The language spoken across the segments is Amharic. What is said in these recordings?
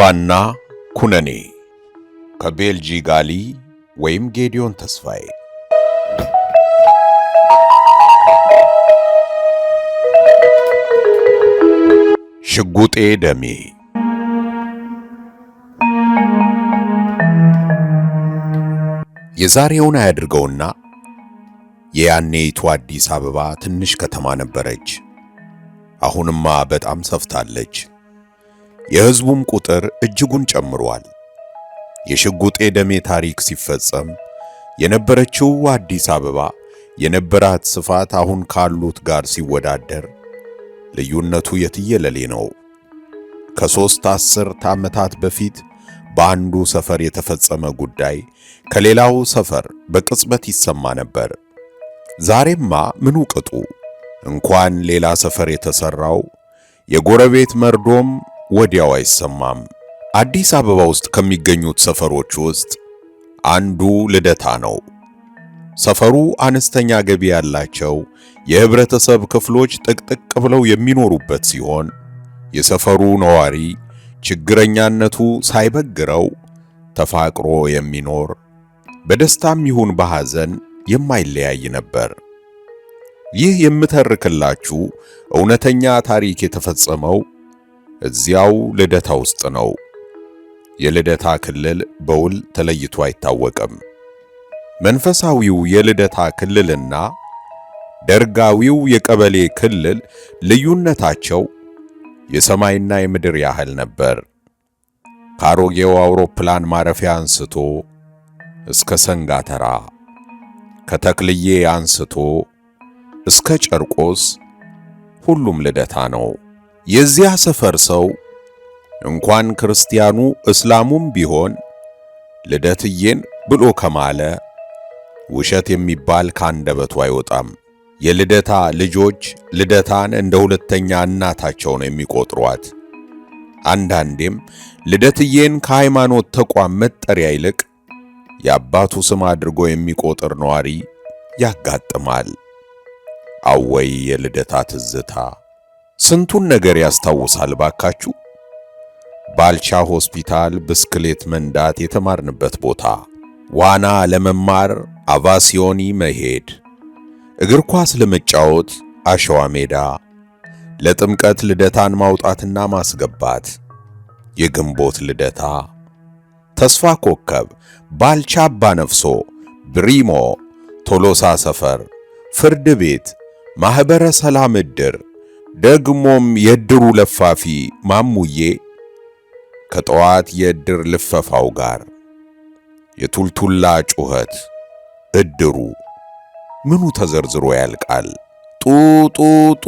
ኩባና ኩነኔ ከቤልጂ ጋሊ ወይም ጌዲዮን ተስፋዬ። ሽጉጤ ደሜ የዛሬውን አያድርገውና የያኔይቱ አዲስ አበባ ትንሽ ከተማ ነበረች። አሁንማ በጣም ሰፍታለች። የሕዝቡም ቁጥር እጅጉን ጨምሯል። የሽጉጤ ደሜ ታሪክ ሲፈጸም የነበረችው አዲስ አበባ የነበራት ስፋት አሁን ካሉት ጋር ሲወዳደር ልዩነቱ የትየለሌ ነው። ከሦስት አስርት ዓመታት በፊት በአንዱ ሰፈር የተፈጸመ ጉዳይ ከሌላው ሰፈር በቅጽበት ይሰማ ነበር። ዛሬማ ምኑ ቅጡ! እንኳን ሌላ ሰፈር የተሰራው የጎረቤት መርዶም ወዲያው አይሰማም። አዲስ አበባ ውስጥ ከሚገኙት ሰፈሮች ውስጥ አንዱ ልደታ ነው። ሰፈሩ አነስተኛ ገቢ ያላቸው የህብረተሰብ ክፍሎች ጥቅጥቅ ብለው የሚኖሩበት ሲሆን የሰፈሩ ነዋሪ ችግረኛነቱ ሳይበግረው ተፋቅሮ የሚኖር በደስታም ይሁን በሐዘን የማይለያይ ነበር። ይህ የምተርክላችሁ እውነተኛ ታሪክ የተፈጸመው እዚያው ልደታ ውስጥ ነው። የልደታ ክልል በውል ተለይቶ አይታወቅም። መንፈሳዊው የልደታ ክልልና ደርጋዊው የቀበሌ ክልል ልዩነታቸው የሰማይና የምድር ያህል ነበር። ከአሮጌው አውሮፕላን ማረፊያ አንስቶ እስከ ሰንጋተራ፣ ከተክልዬ አንስቶ እስከ ጨርቆስ ሁሉም ልደታ ነው። የዚያ ሰፈር ሰው እንኳን ክርስቲያኑ እስላሙም ቢሆን ልደትዬን ብሎ ከማለ ውሸት የሚባል ካንደበቱ አይወጣም። የልደታ ልጆች ልደታን እንደ ሁለተኛ እናታቸው ነው የሚቆጥሯት። አንዳንዴም ልደትዬን ከሃይማኖት ተቋም መጠሪያ ይልቅ የአባቱ ስም አድርጎ የሚቆጥር ነዋሪ ያጋጥማል። አወይ የልደታ ትዝታ! ስንቱን ነገር ያስታውሳል ባካችሁ። ባልቻ ሆስፒታል ብስክሌት መንዳት የተማርንበት ቦታ፣ ዋና ለመማር አቫሲዮኒ መሄድ፣ እግር ኳስ ለመጫወት አሸዋ ሜዳ፣ ለጥምቀት ልደታን ማውጣትና ማስገባት፣ የግንቦት ልደታ፣ ተስፋ ኮከብ፣ ባልቻ ባነፍሶ ብሪሞ፣ ቶሎሳ ሰፈር፣ ፍርድ ቤት፣ ማኅበረ ሰላም ዕድር ደግሞም የድሩ ለፋፊ ማሙዬ ከጠዋት የድር ልፈፋው ጋር የቱልቱላ ጩኸት እድሩ ምኑ ተዘርዝሮ ያልቃል። ጡጡጡ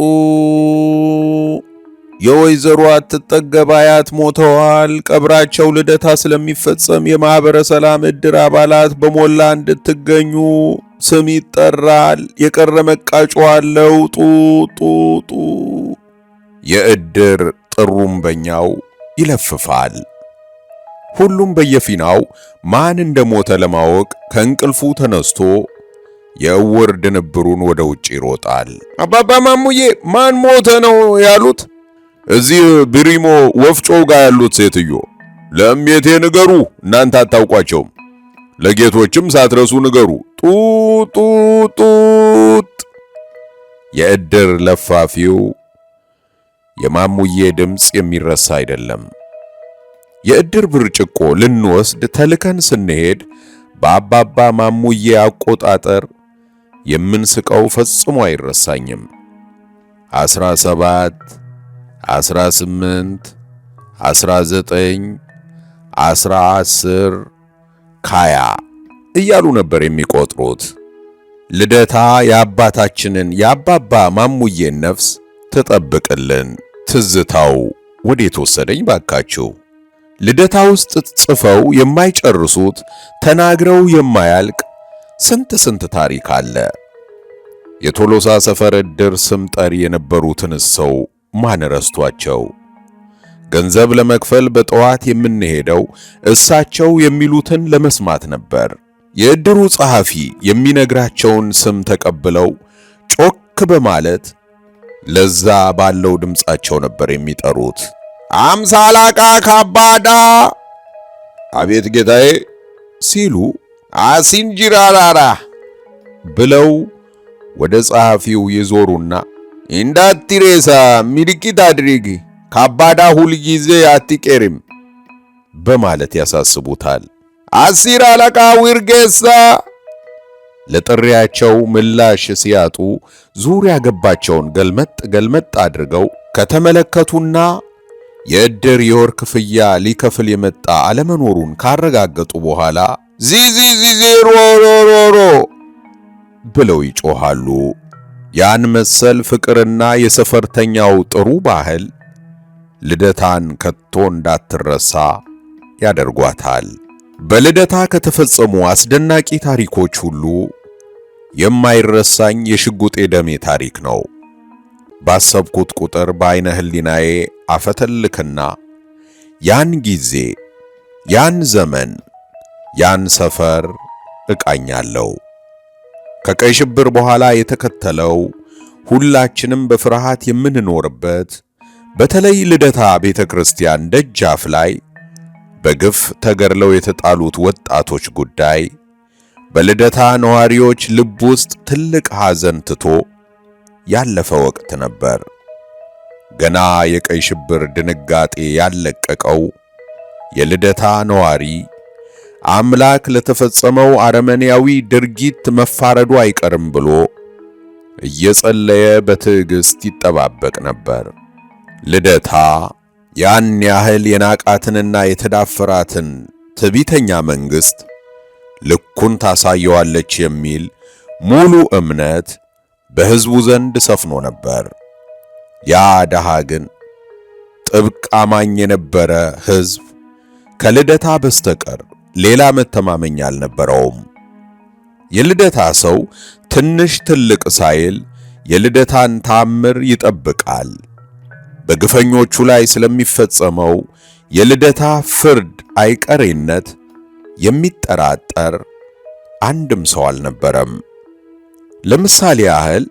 የወይዘሮ አትጠገብ አያት ሞተዋል። ቀብራቸው ልደታ ስለሚፈጸም የማኅበረ ሰላም ዕድር አባላት በሞላ እንድትገኙ ስም ይጠራል። የቀረ መቃጮ አለው። ጡ ጡ ጡ የዕድር ጥሩምበኛው ይለፍፋል። ሁሉም በየፊናው ማን እንደሞተ ለማወቅ ከእንቅልፉ ተነስቶ የእውር ድንብሩን ወደ ውጭ ይሮጣል። አባባ ማሙዬ ማን ሞተ ነው ያሉት? እዚህ ብሪሞ ወፍጮው ጋር ያሉት ሴትዮ ለእሜቴ ንገሩ፣ እናንተ አታውቋቸውም ለጌቶችም ሳትረሱ ንገሩ። ጡጡጡጥ የእድር ለፋፊው የማሙዬ ድምፅ የሚረሳ አይደለም። የእድር ብርጭቆ ልንወስድ ተልከን ስንሄድ በአባባ ማሙዬ አቆጣጠር የምንስቀው ፈጽሞ አይረሳኝም። አስራ ሰባት አስራ ስምንት አስራ ዘጠኝ አስራ አስር ካያ እያሉ ነበር የሚቆጥሩት። ልደታ የአባታችንን የአባባ ማሙዬን ነፍስ ትጠብቅልን። ትዝታው ወዴት ወሰደኝ ባካችሁ? ልደታ ውስጥ ጽፈው የማይጨርሱት ተናግረው የማያልቅ ስንት ስንት ታሪክ አለ። የቶሎሳ ሰፈር ዕድር ስም ጠሪ የነበሩትን ሰው ማን ረስቷቸው? ገንዘብ ለመክፈል በጠዋት የምንሄደው እሳቸው የሚሉትን ለመስማት ነበር። የእድሩ ጸሐፊ የሚነግራቸውን ስም ተቀብለው ጮክ በማለት ለዛ ባለው ድምፃቸው ነበር የሚጠሩት። አምሳ አለቃ ካባዳ! አቤት ጌታዬ! ሲሉ አሲንጂራራራ ብለው ወደ ጸሐፊው ይዞሩና እንዳትሬሳ ምልክት አድርጊ ካባዳ ሁልጊዜ አትቄርም በማለት ያሳስቡታል። አሲር አለቃ ዊርጌሳ ለጥሪያቸው ምላሽ ሲያጡ ዙሪያ ገባቸውን ገልመጥ ገልመጥ አድርገው ከተመለከቱና የእድር የወር ክፍያ ሊከፍል የመጣ አለመኖሩን ካረጋገጡ በኋላ ዚዚዚዚ ሮሮሮሮ ብለው ይጮሃሉ። ያን መሰል ፍቅርና የሰፈርተኛው ጥሩ ባህል ልደታን ከቶ እንዳትረሳ ያደርጓታል። በልደታ ከተፈጸሙ አስደናቂ ታሪኮች ሁሉ የማይረሳኝ የሽጉጤ ደሜ ታሪክ ነው። ባሰብኩት ቁጥር በዐይነ ሕሊናዬ አፈተልክና ያን ጊዜ፣ ያን ዘመን፣ ያን ሰፈር እቃኛለሁ። ከቀይ ሽብር በኋላ የተከተለው ሁላችንም በፍርሃት የምንኖርበት በተለይ ልደታ ቤተ ክርስቲያን ደጃፍ ላይ በግፍ ተገድለው የተጣሉት ወጣቶች ጉዳይ በልደታ ነዋሪዎች ልብ ውስጥ ትልቅ ሐዘን ትቶ ያለፈ ወቅት ነበር። ገና የቀይ ሽብር ድንጋጤ ያለቀቀው የልደታ ነዋሪ አምላክ ለተፈጸመው አረመኔያዊ ድርጊት መፋረዱ አይቀርም ብሎ እየጸለየ በትዕግሥት ይጠባበቅ ነበር። ልደታ ያን ያህል የናቃትንና የተዳፈራትን ትቢተኛ መንግሥት ልኩን ታሳየዋለች የሚል ሙሉ እምነት በሕዝቡ ዘንድ ሰፍኖ ነበር። ያ ደሃ ግን ጥብቅ አማኝ የነበረ ሕዝብ ከልደታ በስተቀር ሌላ መተማመኛ አልነበረውም። የልደታ ሰው ትንሽ ትልቅ ሳይል የልደታን ታምር ይጠብቃል። በግፈኞቹ ላይ ስለሚፈጸመው የልደታ ፍርድ አይቀሬነት የሚጠራጠር አንድም ሰው አልነበረም። ለምሳሌ ያህል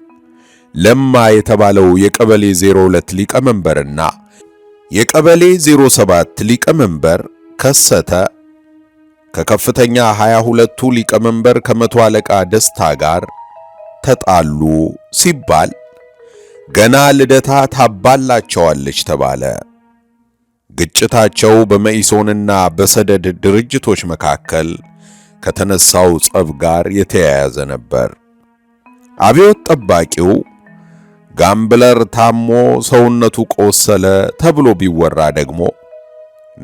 ለማ የተባለው የቀበሌ 02 ሊቀመንበርና የቀበሌ 07 ሊቀመንበር ከሰተ ከከፍተኛ 22ቱ ሊቀመንበር ከመቶ አለቃ ደስታ ጋር ተጣሉ ሲባል ገና ልደታ ታባላቸዋለች ተባለ። ግጭታቸው በመኢሶንና በሰደድ ድርጅቶች መካከል ከተነሳው ጸብ ጋር የተያያዘ ነበር። አብዮት ጠባቂው ጋምብለር ታሞ ሰውነቱ ቆሰለ ተብሎ ቢወራ ደግሞ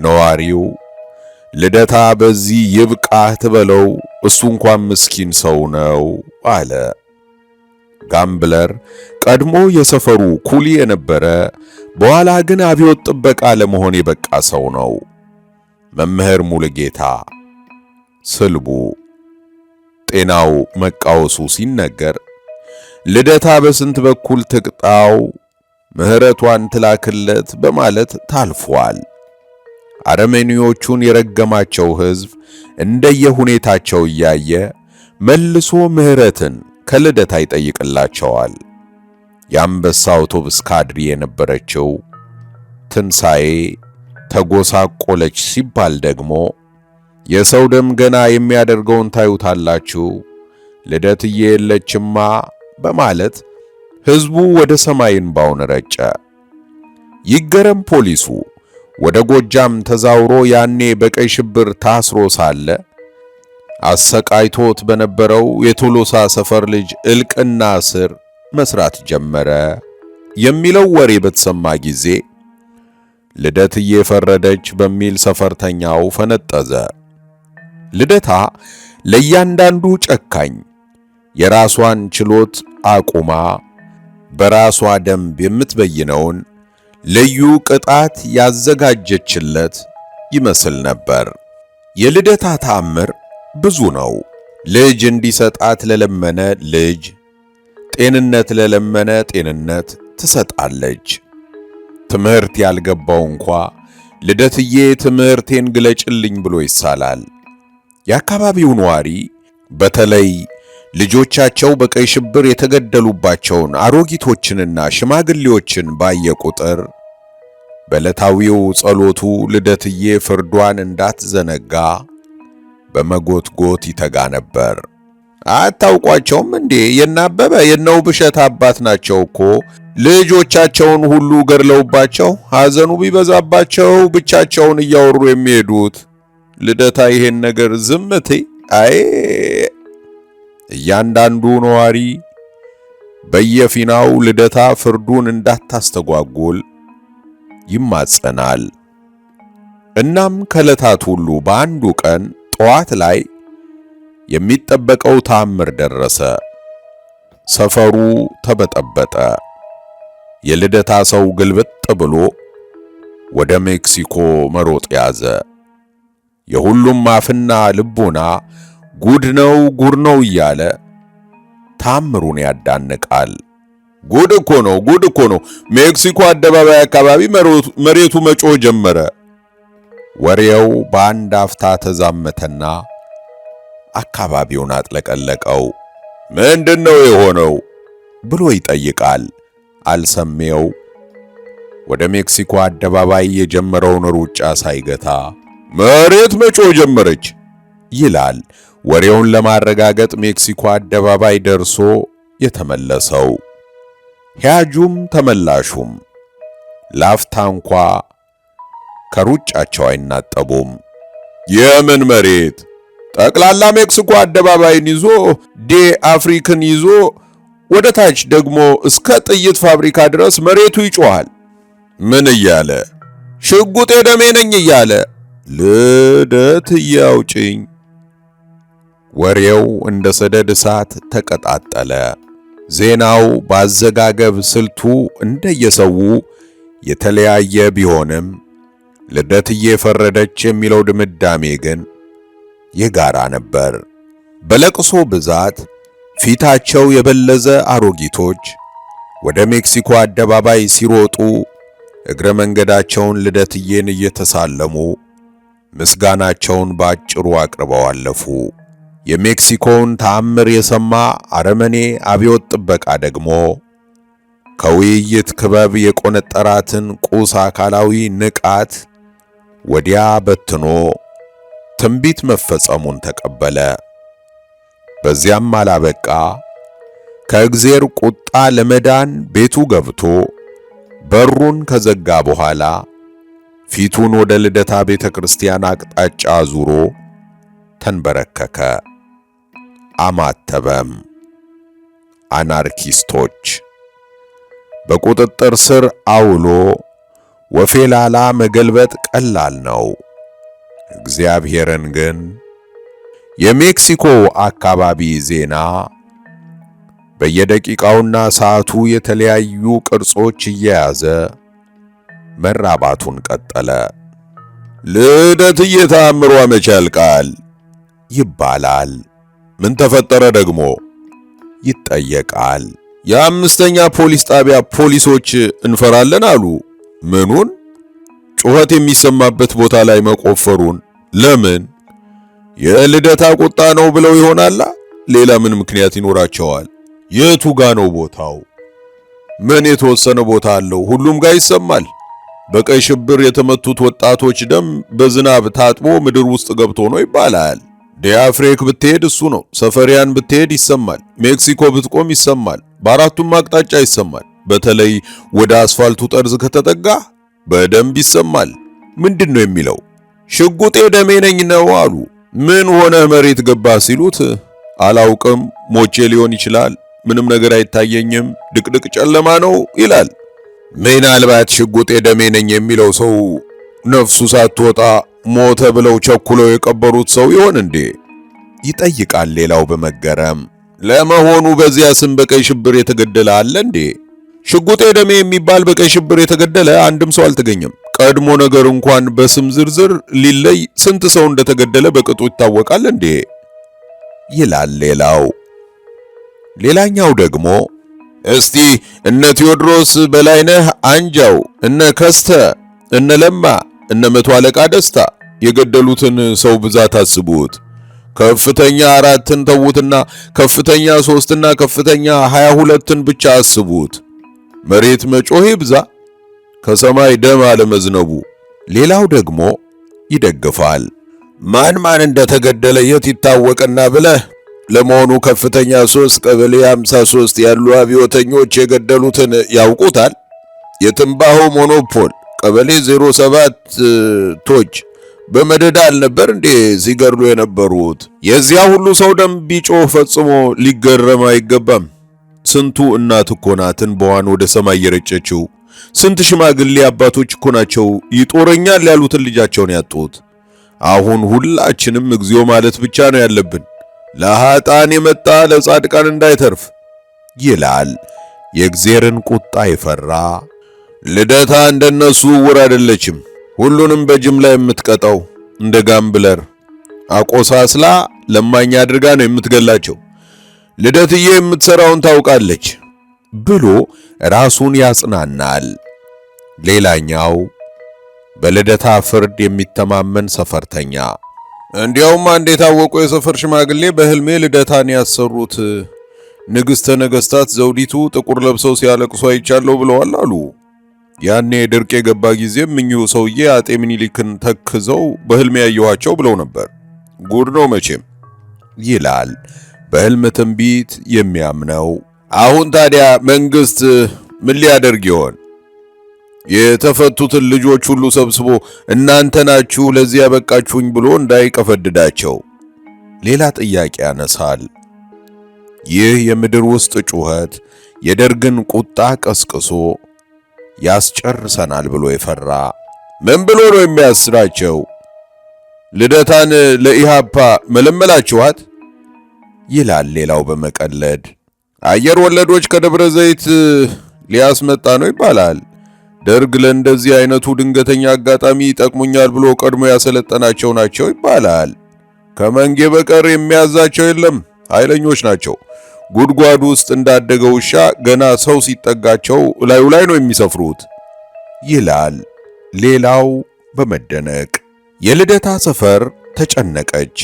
ነዋሪው ልደታ በዚህ ይብቃህ ትበለው እሱ እንኳን ምስኪን ሰው ነው አለ። ጋምብለር ቀድሞ የሰፈሩ ኩሊ የነበረ በኋላ ግን አብዮት ጥበቃ ለመሆን የበቃ ሰው ነው። መምህር ሙሉጌታ ስልቡ ጤናው መቃወሱ ሲነገር ልደታ በስንት በኩል ትቅጣው ምሕረቷን ትላክለት በማለት ታልፏል። አረመኔዎቹን የረገማቸው ሕዝብ እንደየሁኔታቸው እያየ መልሶ ምሕረትን ከልደታ ይጠይቅላቸዋል። የአንበሳ አውቶብስ ካድሪ የነበረችው ትንሣኤ ተጎሳቆለች ሲባል ደግሞ የሰው ደም ገና የሚያደርገውን ታዩታላችሁ፣ ልደትዬ የለችማ በማለት ሕዝቡ ወደ ሰማይ እንባውን ረጨ። ይገረም ፖሊሱ ወደ ጎጃም ተዛውሮ ያኔ በቀይ ሽብር ታስሮ ሳለ አሰቃይቶት በነበረው የቶሎሳ ሰፈር ልጅ እልቅና ስር መስራት ጀመረ የሚለው ወሬ በተሰማ ጊዜ ልደት እየፈረደች በሚል ሰፈርተኛው ፈነጠዘ። ልደታ ለእያንዳንዱ ጨካኝ የራሷን ችሎት አቁማ በራሷ ደንብ የምትበይነውን ልዩ ቅጣት ያዘጋጀችለት ይመስል ነበር። የልደታ ታምር! ብዙ ነው። ልጅ እንዲሰጣት ለለመነ ልጅ፣ ጤንነት ለለመነ ጤንነት ትሰጣለች። ትምህርት ያልገባው እንኳ ልደትዬ ትምህርቴን ግለጭልኝ ብሎ ይሳላል። የአካባቢው ነዋሪ በተለይ ልጆቻቸው በቀይ ሽብር የተገደሉባቸውን አሮጊቶችንና ሽማግሌዎችን ባየ ቁጥር በዕለታዊው ጸሎቱ ልደትዬ ፍርዷን እንዳትዘነጋ በመጎትጎት ይተጋ ነበር። አታውቋቸውም እንዴ? የናበበ የነው ብሸት አባት ናቸው እኮ ልጆቻቸውን ሁሉ ገድለውባቸው ሐዘኑ ቢበዛባቸው ብቻቸውን እያወሩ የሚሄዱት። ልደታ ይሄን ነገር ዝምቴ አይ እያንዳንዱ ነዋሪ በየፊናው ልደታ ፍርዱን እንዳታስተጓጉል ይማጸናል። እናም ከዕለታት ሁሉ በአንዱ ቀን ጠዋት ላይ የሚጠበቀው ታምር ደረሰ። ሰፈሩ ተበጠበጠ። የልደታ ሰው ግልብጥ ብሎ ወደ ሜክሲኮ መሮጥ ያዘ። የሁሉም አፍና ልቦና ጉድ ነው ጉድ ነው እያለ ታምሩን ያዳንቃል። ጉድ እኮ ነው ጉድ እኮ ነው። ሜክሲኮ አደባባይ አካባቢ መሬቱ መጮህ ጀመረ። ወሬው በአንድ አፍታ ተዛመተና አካባቢውን አጥለቀለቀው። ምንድን ነው የሆነው ብሎ ይጠይቃል። አልሰሜው ወደ ሜክሲኮ አደባባይ የጀመረውን ሩጫ ሳይገታ መሬት መጮ ጀመረች ይላል። ወሬውን ለማረጋገጥ ሜክሲኮ አደባባይ ደርሶ የተመለሰው ሂያጁም ተመላሹም ላፍታ እንኳ ከሩጫቸው አይናጠቡም። የምን መሬት ጠቅላላ ሜክሲኮ አደባባይን ይዞ ዴ አፍሪክን ይዞ ወደ ታች ደግሞ እስከ ጥይት ፋብሪካ ድረስ መሬቱ ይጮኋል? ምን እያለ ሽጉጤ ደሜ ነኝ እያለ ልደት እያውጭኝ። ወሬው እንደ ሰደድ እሳት ተቀጣጠለ። ዜናው በአዘጋገብ ስልቱ እንደየሰው የተለያየ ቢሆንም ልደትዬ ፈረደች የሚለው ድምዳሜ ግን የጋራ ነበር። በለቅሶ ብዛት ፊታቸው የበለዘ አሮጊቶች ወደ ሜክሲኮ አደባባይ ሲሮጡ እግረ መንገዳቸውን ልደትዬን እየተሳለሙ ምስጋናቸውን ባጭሩ አቅርበው አለፉ። የሜክሲኮውን ተአምር የሰማ አረመኔ አብዮት ጥበቃ ደግሞ ከውይይት ክበብ የቆነጠራትን ቁስ አካላዊ ንቃት ወዲያ በትኖ ትንቢት መፈጸሙን ተቀበለ። በዚያም አላበቃ ከእግዜር ቁጣ ለመዳን ቤቱ ገብቶ በሩን ከዘጋ በኋላ ፊቱን ወደ ልደታ ቤተ ክርስቲያን አቅጣጫ ዙሮ ተንበረከከ፣ አማተበም። አናርኪስቶች በቁጥጥር ስር አውሎ ወፌላላ መገልበጥ ቀላል ነው። እግዚአብሔርን ግን የሜክሲኮ አካባቢ ዜና በየደቂቃውና ሰዓቱ የተለያዩ ቅርጾች እየያዘ መራባቱን ቀጠለ። ልደት እየታምሮ መቻል ቃል ይባላል። ምን ተፈጠረ ደግሞ ይጠየቃል። የአምስተኛ ፖሊስ ጣቢያ ፖሊሶች እንፈራለን አሉ። ምኑን ጩኸት የሚሰማበት ቦታ ላይ መቆፈሩን። ለምን የልደታ ቁጣ ነው ብለው ይሆናላ። ሌላ ምን ምክንያት ይኖራቸዋል? የቱ ጋ ነው ቦታው? ምን የተወሰነ ቦታ አለው? ሁሉም ጋር ይሰማል። በቀይ ሽብር የተመቱት ወጣቶች ደም በዝናብ ታጥቦ ምድር ውስጥ ገብቶ ነው ይባላል። ዲያፍሬክ ብትሄድ እሱ ነው። ሰፈሪያን ብትሄድ ይሰማል። ሜክሲኮ ብትቆም ይሰማል። በአራቱም አቅጣጫ ይሰማል። በተለይ ወደ አስፋልቱ ጠርዝ ከተጠጋ በደንብ ይሰማል። ምንድን ነው የሚለው? ሽጉጤ ደሜ ነኝ ነው አሉ። ምን ሆነህ መሬት ገባህ ሲሉት አላውቅም፣ ሞቼ ሊሆን ይችላል፣ ምንም ነገር አይታየኝም፣ ድቅድቅ ጨለማ ነው ይላል። ምናልባት ሽጉጤ ደሜ ነኝ የሚለው ሰው ነፍሱ ሳትወጣ ሞተ ብለው ቸኩለው የቀበሩት ሰው ይሆን እንዴ? ይጠይቃል ሌላው በመገረም ለመሆኑ በዚያ ስም በቀይ ሽብር የተገደለ አለ እንዴ? ሽጉጤ ደሜ የሚባል በቀይ ሽብር የተገደለ አንድም ሰው አልተገኘም። ቀድሞ ነገር እንኳን በስም ዝርዝር ሊለይ ስንት ሰው እንደተገደለ በቅጡ ይታወቃል እንዴ? ይላል ሌላው። ሌላኛው ደግሞ እስቲ እነ ቴዎድሮስ በላይነህ አንጃው፣ እነ ከስተ፣ እነ ለማ፣ እነ መቶ አለቃ ደስታ የገደሉትን ሰው ብዛት አስቡት። ከፍተኛ አራትን ተዉትና ከፍተኛ ሶስትና ከፍተኛ ሀያ ሁለትን ብቻ አስቡት። መሬት መጮህ ይብዛ ከሰማይ ደም አለመዝነቡ ሌላው ደግሞ ይደግፋል። ማን ማን እንደተገደለ የት ይታወቅና ብለህ ለመሆኑ ከፍተኛ ሶስት ቀበሌ 53 ያሉ አብዮተኞች የገደሉትን ያውቁታል? የትንባሆ ሞኖፖል ቀበሌ 07 ቶች በመደዳ አልነበር እንዴ ሲገድሉ የነበሩት? የዚያ ሁሉ ሰው ደም ቢጮህ ፈጽሞ ሊገረም አይገባም። ስንቱ እናት እኮ ናትን በዋን ወደ ሰማይ የረጨችው? ስንት ሽማግሌ አባቶች እኮ ናቸው ይጦረኛል ያሉትን ልጃቸውን ያጡት። አሁን ሁላችንም እግዚኦ ማለት ብቻ ነው ያለብን፣ ለኃጣን የመጣ ለጻድቃን እንዳይተርፍ ይላል የእግዚአብሔርን ቁጣ የፈራ። ልደታ እንደነሱ ውር አይደለችም። ሁሉንም በጅምላ የምትቀጣው እንደ ጋምብለር አቆሳስላ ለማኛ አድርጋ ነው የምትገላቸው። ልደትዬ የምትሠራውን ታውቃለች ብሎ ራሱን ያጽናናል። ሌላኛው በልደታ ፍርድ የሚተማመን ሰፈርተኛ፣ እንዲያውም አንድ የታወቁ የሰፈር ሽማግሌ በሕልሜ ልደታን ያሰሩት ንግሥተ ነገሥታት ዘውዲቱ ጥቁር ለብሰው ሲያለቅሱ አይቻለሁ ብለዋል አሉ። ያኔ ድርቅ የገባ ጊዜም እኚሁ ሰውዬ አጤ ምኒልክን ተክዘው በሕልሜ ያየኋቸው ብለው ነበር። ጉድ ነው መቼም ይላል በሕልም ትንቢት የሚያምነው። አሁን ታዲያ መንግሥት ምን ሊያደርግ ይሆን? የተፈቱትን ልጆች ሁሉ ሰብስቦ እናንተ ናችሁ ለዚህ ያበቃችሁኝ ብሎ እንዳይቀፈድዳቸው ሌላ ጥያቄ ያነሳል። ይህ የምድር ውስጥ ጩኸት የደርግን ቁጣ ቀስቅሶ ያስጨርሰናል ብሎ የፈራ ምን ብሎ ነው የሚያስራቸው? ልደታን ለኢሃፓ መለመላችኋት? ይላል ሌላው በመቀለድ። አየር ወለዶች ከደብረ ዘይት ሊያስመጣ ነው ይባላል። ደርግ ለእንደዚህ አይነቱ ድንገተኛ አጋጣሚ ይጠቅሙኛል ብሎ ቀድሞ ያሰለጠናቸው ናቸው ይባላል። ከመንጌ በቀር የሚያዛቸው የለም። ኃይለኞች ናቸው። ጉድጓድ ውስጥ እንዳደገ ውሻ ገና ሰው ሲጠጋቸው እላዩ ላይ ነው የሚሰፍሩት ይላል ሌላው በመደነቅ የልደታ ሰፈር ተጨነቀች።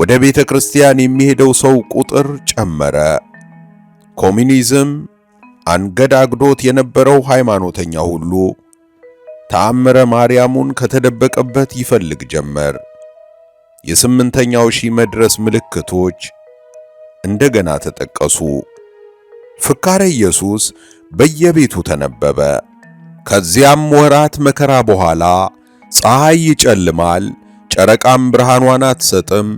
ወደ ቤተ ክርስቲያን የሚሄደው ሰው ቁጥር ጨመረ። ኮሚኒዝም አንገዳግዶት የነበረው ሃይማኖተኛ ሁሉ ተአምረ ማርያሙን ከተደበቀበት ይፈልግ ጀመር። የስምንተኛው ሺህ መድረስ ምልክቶች እንደገና ተጠቀሱ። ፍካረ ኢየሱስ በየቤቱ ተነበበ። ከዚያም ወራት መከራ በኋላ ፀሐይ ይጨልማል፣ ጨረቃም ብርሃኗን አትሰጥም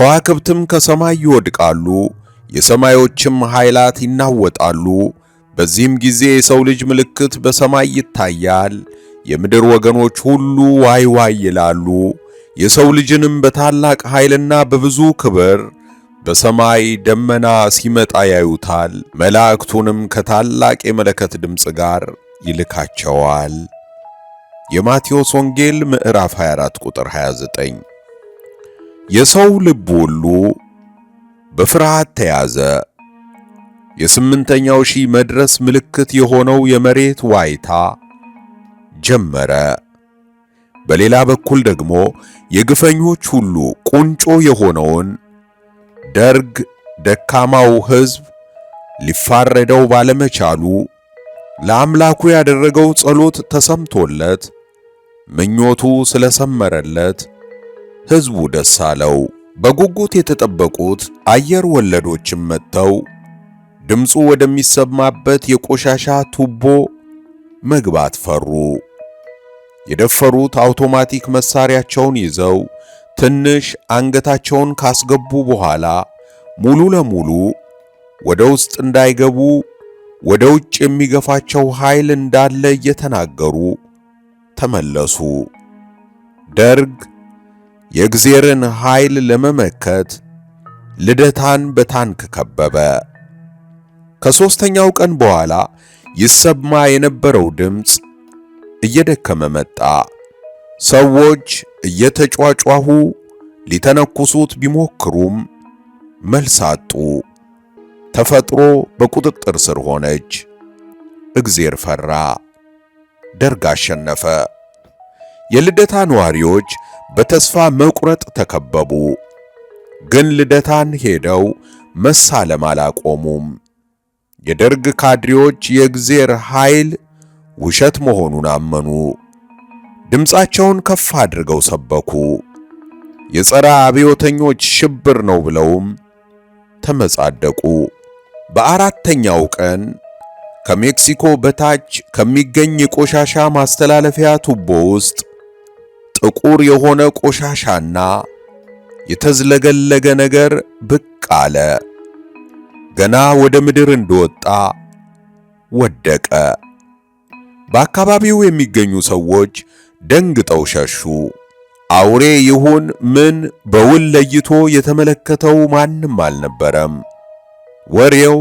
ከዋክብትም ከሰማይ ይወድቃሉ፣ የሰማዮችም ኃይላት ይናወጣሉ። በዚህም ጊዜ የሰው ልጅ ምልክት በሰማይ ይታያል። የምድር ወገኖች ሁሉ ዋይ ዋይ ይላሉ። የሰው ልጅንም በታላቅ ኃይልና በብዙ ክብር በሰማይ ደመና ሲመጣ ያዩታል። መላእክቱንም ከታላቅ የመለከት ድምፅ ጋር ይልካቸዋል። የማቴዎስ ወንጌል ምዕራፍ 24 ቁጥር 29 የሰው ልብ ሁሉ በፍርሃት ተያዘ። የስምንተኛው ሺህ መድረስ ምልክት የሆነው የመሬት ዋይታ ጀመረ። በሌላ በኩል ደግሞ የግፈኞች ሁሉ ቁንጮ የሆነውን ደርግ ደካማው ሕዝብ ሊፋረደው ባለመቻሉ ለአምላኩ ያደረገው ጸሎት ተሰምቶለት ምኞቱ ስለሰመረለት ህዝቡ ደስ አለው። በጉጉት የተጠበቁት አየር ወለዶችም መጥተው ድምፁ ወደሚሰማበት የቆሻሻ ቱቦ መግባት ፈሩ። የደፈሩት አውቶማቲክ መሳሪያቸውን ይዘው ትንሽ አንገታቸውን ካስገቡ በኋላ ሙሉ ለሙሉ ወደ ውስጥ እንዳይገቡ ወደ ውጭ የሚገፋቸው ኃይል እንዳለ እየተናገሩ ተመለሱ። ደርግ የእግዜርን ኃይል ለመመከት ልደታን በታንክ ከበበ። ከሦስተኛው ቀን በኋላ ይሰማ የነበረው ድምፅ እየደከመ መጣ። ሰዎች እየተጫጫሁ ሊተነኩሱት ቢሞክሩም መልስ አጡ። ተፈጥሮ በቁጥጥር ስር ሆነች። እግዜር ፈራ፣ ደርግ አሸነፈ። የልደታ ነዋሪዎች በተስፋ መቁረጥ ተከበቡ። ግን ልደታን ሄደው መሳለም አላቆሙም። የደርግ ካድሬዎች የእግዜር ኃይል ውሸት መሆኑን አመኑ። ድምፃቸውን ከፍ አድርገው ሰበኩ። የጸረ አብዮተኞች ሽብር ነው ብለውም ተመጻደቁ። በአራተኛው ቀን ከሜክሲኮ በታች ከሚገኝ የቆሻሻ ማስተላለፊያ ቱቦ ውስጥ ጥቁር የሆነ ቆሻሻና የተዝለገለገ ነገር ብቅ አለ። ገና ወደ ምድር እንደወጣ ወደቀ። በአካባቢው የሚገኙ ሰዎች ደንግጠው ሸሹ። አውሬ ይሁን ምን በውል ለይቶ የተመለከተው ማንም አልነበረም። ወሬው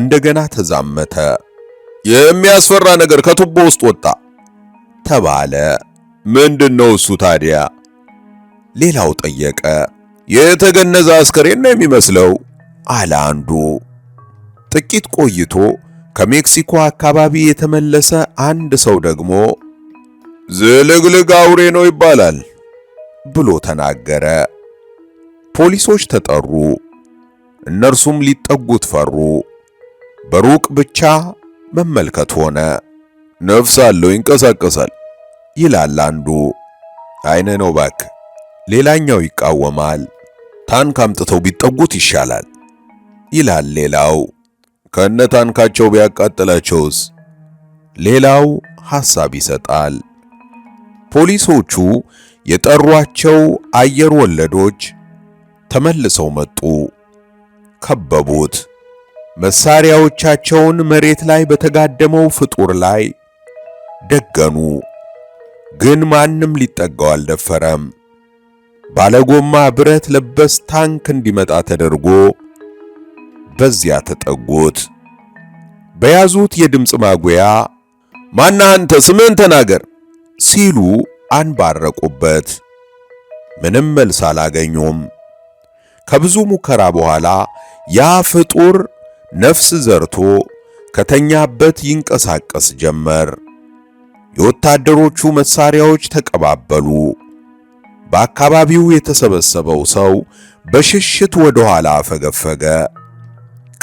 እንደገና ተዛመተ። የሚያስፈራ ነገር ከቱቦ ውስጥ ወጣ ተባለ። ምንድን ነው እሱ ታዲያ? ሌላው ጠየቀ። የተገነዘ አስከሬን ነው የሚመስለው አለ አንዱ። ጥቂት ቆይቶ ከሜክሲኮ አካባቢ የተመለሰ አንድ ሰው ደግሞ ዝልግልግ አውሬ ነው ይባላል ብሎ ተናገረ። ፖሊሶች ተጠሩ። እነርሱም ሊጠጉት ፈሩ። በሩቅ ብቻ መመልከት ሆነ። ነፍስ አለው፣ ይንቀሳቀሳል ይላል አንዱ። አይነ ነው ባክ፣ ሌላኛው ይቃወማል። ታንክ አምጥተው ቢጠጉት ይሻላል ይላል ሌላው። ከነ ታንካቸው ቢያቃጥላቸውስ? ሌላው ሐሳብ ይሰጣል። ፖሊሶቹ የጠሯቸው አየር ወለዶች ተመልሰው መጡ። ከበቡት። መሳሪያዎቻቸውን መሬት ላይ በተጋደመው ፍጡር ላይ ደገኑ። ግን ማንም ሊጠጋው አልደፈረም። ባለጎማ ብረት ለበስ ታንክ እንዲመጣ ተደርጎ በዚያ ተጠጉት። በያዙት የድምፅ ማጉያ ማና አንተ ስምን ተናገር ሲሉ አንባረቁበት። ምንም መልስ አላገኙም። ከብዙ ሙከራ በኋላ ያ ፍጡር ነፍስ ዘርቶ ከተኛበት ይንቀሳቀስ ጀመር። የወታደሮቹ መሳሪያዎች ተቀባበሉ። በአካባቢው የተሰበሰበው ሰው በሽሽት ወደ ኋላ ፈገፈገ።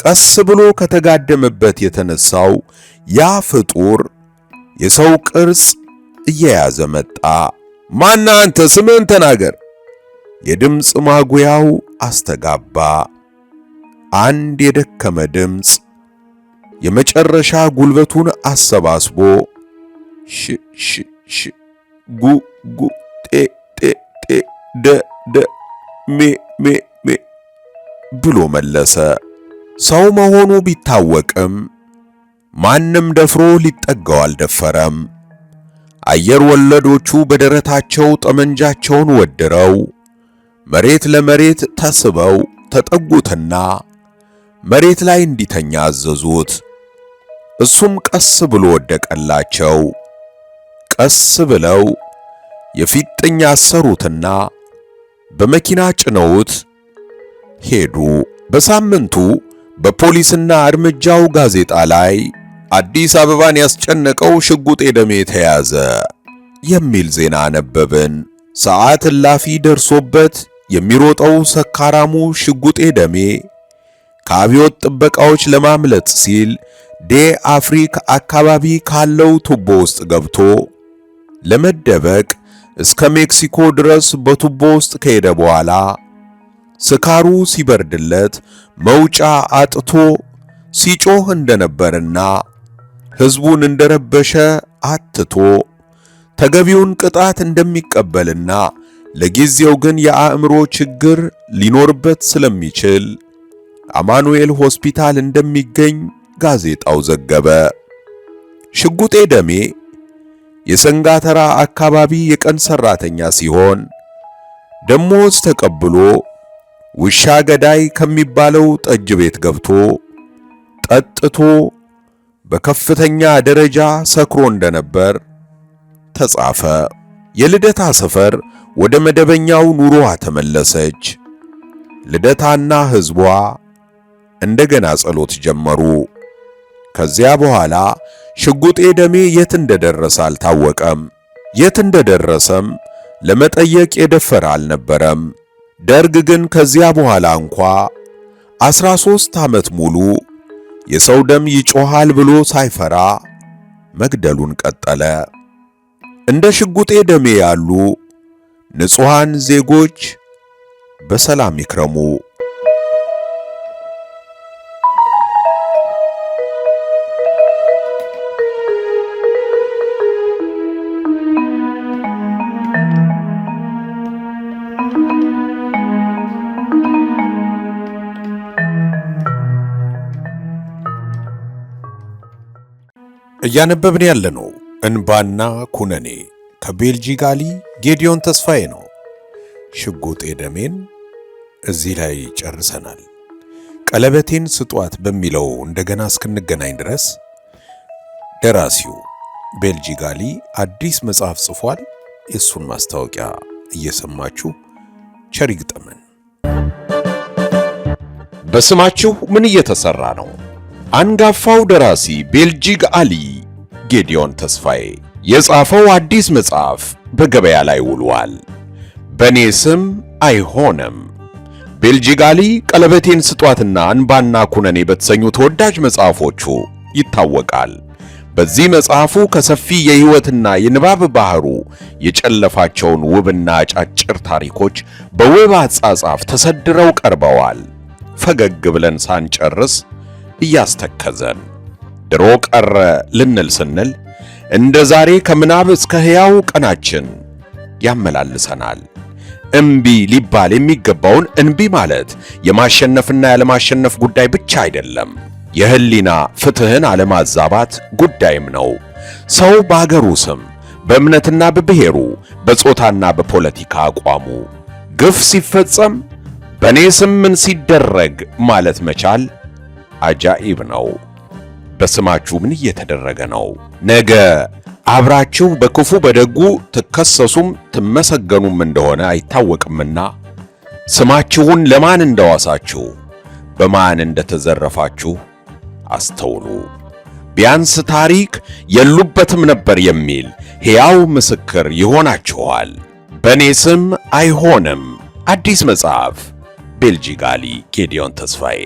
ቀስ ብሎ ከተጋደመበት የተነሳው ያ ፍጡር የሰው ቅርጽ እየያዘ መጣ። ማና አንተ ስምህን ተናገር! የድምፅ ማጉያው አስተጋባ። አንድ የደከመ ድምፅ የመጨረሻ ጉልበቱን አሰባስቦ ሽ ሽ ሽ ጉ ጉ ጤ ጤ ጤ ደ ደ ሜ ሜ ሜ ብሎ መለሰ። ሰው መሆኑ ቢታወቅም ማንም ደፍሮ ሊጠጋው አልደፈረም። አየር ወለዶቹ በደረታቸው ጠመንጃቸውን ወድረው መሬት ለመሬት ተስበው ተጠጉትና መሬት ላይ እንዲተኛ አዘዙት። እሱም ቀስ ብሎ ወደቀላቸው። ቀስ ብለው የፊትኛ አሰሩትና በመኪና ጭነውት ሄዱ። በሳምንቱ በፖሊስና እርምጃው ጋዜጣ ላይ አዲስ አበባን ያስጨነቀው ሽጉጤ ደሜ ተያዘ የሚል ዜና አነበብን። ሰዓት እላፊ ደርሶበት የሚሮጠው ሰካራሙ ሽጉጤ ደሜ ከአብዮት ጥበቃዎች ለማምለጥ ሲል ዴ አፍሪክ አካባቢ ካለው ቱቦ ውስጥ ገብቶ ለመደበቅ እስከ ሜክሲኮ ድረስ በቱቦ ውስጥ ከሄደ በኋላ ስካሩ ሲበርድለት መውጫ አጥቶ ሲጮህ እንደነበርና ሕዝቡን እንደረበሸ አትቶ ተገቢውን ቅጣት እንደሚቀበልና ለጊዜው ግን የአእምሮ ችግር ሊኖርበት ስለሚችል አማኑኤል ሆስፒታል እንደሚገኝ ጋዜጣው ዘገበ። ሽጉጤ ደሜ የሰንጋተራ አካባቢ የቀን ሰራተኛ ሲሆን ደሞዝ ተቀብሎ ውሻ ገዳይ ከሚባለው ጠጅ ቤት ገብቶ ጠጥቶ በከፍተኛ ደረጃ ሰክሮ እንደነበር ተጻፈ። የልደታ ሰፈር ወደ መደበኛው ኑሮዋ ተመለሰች። ልደታና ሕዝቧ እንደገና ጸሎት ጀመሩ። ከዚያ በኋላ ሽጉጤ ደሜ የት እንደደረሰ አልታወቀም። የት እንደደረሰም ለመጠየቅ የደፈረ አልነበረም። ደርግ ግን ከዚያ በኋላ እንኳ 13 ዓመት ሙሉ የሰው ደም ይጮሃል ብሎ ሳይፈራ መግደሉን ቀጠለ። እንደ ሽጉጤ ደሜ ያሉ ንጹሐን ዜጎች በሰላም ይክረሙ። እያነበብን ያለነው እንባና ኩነኔ ከቤልጂጋሊ ጌዲዮን ተስፋዬ ነው። ሽጉጤ ደሜን እዚህ ላይ ጨርሰናል። ቀለበቴን ስጧት በሚለው እንደገና እስክንገናኝ ድረስ ደራሲው ቤልጂጋሊ አዲስ መጽሐፍ ጽፏል። የእሱን ማስታወቂያ እየሰማችሁ ቸር ይግጠመን። በስማችሁ ምን እየተሰራ ነው? አንጋፋው ደራሲ ቤልጂግ አሊ ጌዲዮን ተስፋዬ የጻፈው አዲስ መጽሐፍ በገበያ ላይ ውሏል። በእኔ ስም አይሆንም። ቤልጂግ አሊ ቀለበቴን ስጧትና እንባና ኩነኔ በተሰኙ ተወዳጅ መጽሐፎቹ ይታወቃል። በዚህ መጽሐፉ ከሰፊ የሕይወትና የንባብ ባህሩ የጨለፋቸውን ውብና አጫጭር ታሪኮች በውብ አጻጻፍ ተሰድረው ቀርበዋል። ፈገግ ብለን ሳንጨርስ እያስተከዘን ድሮ ቀረ ልንል ስንል እንደ ዛሬ ከምናብ እስከ ሕያው ቀናችን ያመላልሰናል። እምቢ ሊባል የሚገባውን እምቢ ማለት የማሸነፍና ያለማሸነፍ ጉዳይ ብቻ አይደለም፣ የህሊና ፍትህን አለማዛባት ጉዳይም ነው። ሰው በአገሩ ስም በእምነትና በብሔሩ በጾታና በፖለቲካ አቋሙ ግፍ ሲፈጸም በእኔ ስም ምን ሲደረግ ማለት መቻል አጃኢብ ነው። በስማችሁ ምን እየተደረገ ነው? ነገ አብራችሁ በክፉ በደጉ ትከሰሱም ትመሰገኑም እንደሆነ አይታወቅምና ስማችሁን ለማን እንደዋሳችሁ በማን እንደተዘረፋችሁ አስተውሉ። ቢያንስ ታሪክ የሉበትም ነበር የሚል ሕያው ምስክር ይሆናችኋል። በእኔ ስም አይሆንም። አዲስ መጽሐፍ ቤልጂጋሊ ጋሊ ጌዲዮን ተስፋዬ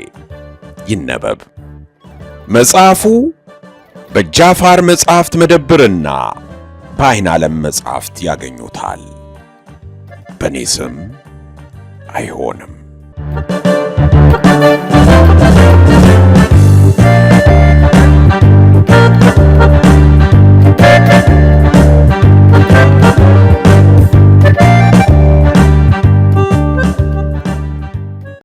ይነበብ። መጽሐፉ በጃፋር መጽሐፍት መደብርና በዐይነ ዓለም መጽሐፍት ያገኙታል። በእኔ ስም አይሆንም።